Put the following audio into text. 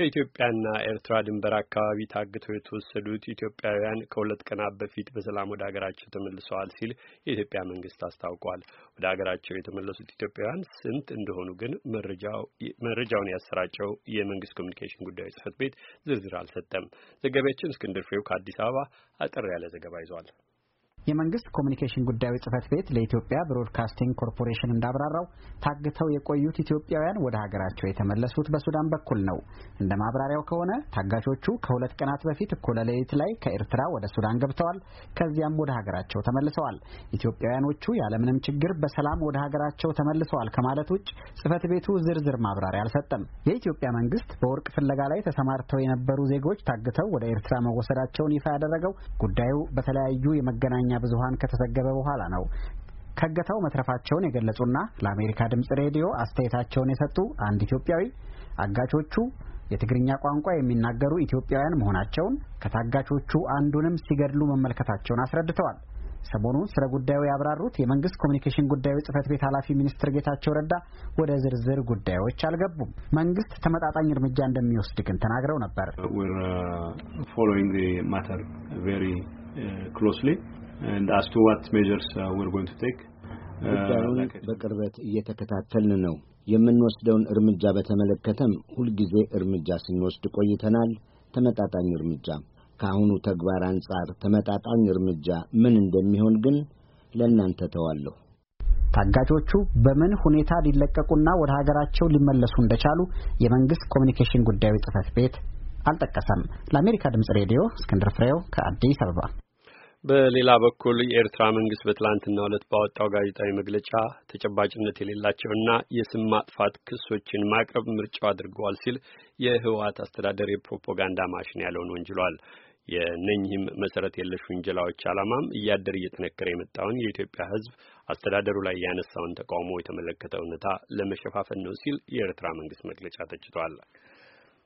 ከኢትዮጵያና ኤርትራ ድንበር አካባቢ ታግተው የተወሰዱት ኢትዮጵያውያን ከሁለት ቀናት በፊት በሰላም ወደ ሀገራቸው ተመልሰዋል ሲል የኢትዮጵያ መንግስት አስታውቋል። ወደ ሀገራቸው የተመለሱት ኢትዮጵያውያን ስንት እንደሆኑ ግን መረጃውን ያሰራጨው የመንግስት ኮሚኒኬሽን ጉዳዮች ጽህፈት ቤት ዝርዝር አልሰጠም። ዘጋቢያችን እስክንድር ፍሬው ከአዲስ አበባ አጠር ያለ ዘገባ ይዟል። የመንግስት ኮሚኒኬሽን ጉዳዮች ጽህፈት ቤት ለኢትዮጵያ ብሮድካስቲንግ ኮርፖሬሽን እንዳብራራው ታግተው የቆዩት ኢትዮጵያውያን ወደ ሀገራቸው የተመለሱት በሱዳን በኩል ነው። እንደ ማብራሪያው ከሆነ ታጋቾቹ ከሁለት ቀናት በፊት እኩለ ሌሊት ላይ ከኤርትራ ወደ ሱዳን ገብተዋል። ከዚያም ወደ ሀገራቸው ተመልሰዋል። ኢትዮጵያውያኖቹ ያለምንም ችግር በሰላም ወደ ሀገራቸው ተመልሰዋል ከማለት ውጭ ጽህፈት ቤቱ ዝርዝር ማብራሪያ አልሰጠም። የኢትዮጵያ መንግስት በወርቅ ፍለጋ ላይ ተሰማርተው የነበሩ ዜጎች ታግተው ወደ ኤርትራ መወሰዳቸውን ይፋ ያደረገው ጉዳዩ በተለያዩ የመገናኛ ብዙሀን ከተዘገበ በኋላ ነው። ከገተው መትረፋቸውን የገለጹና ለአሜሪካ ድምፅ ሬዲዮ አስተያየታቸውን የሰጡ አንድ ኢትዮጵያዊ አጋቾቹ የትግርኛ ቋንቋ የሚናገሩ ኢትዮጵያውያን መሆናቸውን ከታጋቾቹ አንዱንም ሲገድሉ መመልከታቸውን አስረድተዋል። ሰሞኑን ስለ ጉዳዩ ያብራሩት የመንግስት ኮሚኒኬሽን ጉዳዮች ጽህፈት ቤት ኃላፊ ሚኒስትር ጌታቸው ረዳ ወደ ዝርዝር ጉዳዮች አልገቡም። መንግስት ተመጣጣኝ እርምጃ እንደሚወስድ ግን ተናግረው ነበር። and as to what measures uh, we're going to take uh, ጉዳዩን በቅርበት እየተከታተልን ነው። የምንወስደውን እርምጃ በተመለከተም ሁልጊዜ እርምጃ ስንወስድ ቆይተናል። ተመጣጣኝ እርምጃ ከአሁኑ ተግባር አንጻር ተመጣጣኝ እርምጃ ምን እንደሚሆን ግን ለእናንተ ተዋለሁ። ታጋቾቹ በምን ሁኔታ ሊለቀቁና ወደ ሀገራቸው ሊመለሱ እንደቻሉ የመንግስት ኮሚኒኬሽን ጉዳዮች ጽህፈት ቤት አልጠቀሰም። ለአሜሪካ ድምጽ ሬዲዮ እስክንድር ፍሬው ከአዲስ አበባ በሌላ በኩል የኤርትራ መንግስት በትላንትናው ዕለት ባወጣው ጋዜጣዊ መግለጫ ተጨባጭነት የሌላቸውና የስም ማጥፋት ክሶችን ማቅረብ ምርጫው አድርገዋል ሲል የህወሀት አስተዳደር የፕሮፓጋንዳ ማሽን ያለውን ወንጅሏል። የነኝህም መሰረት የለሽ ውንጀላዎች ዓላማም እያደር እየጠነከረ የመጣውን የኢትዮጵያ ህዝብ አስተዳደሩ ላይ ያነሳውን ተቃውሞ የተመለከተ እውነታ ለመሸፋፈን ነው ሲል የኤርትራ መንግስት መግለጫ ተችቷል።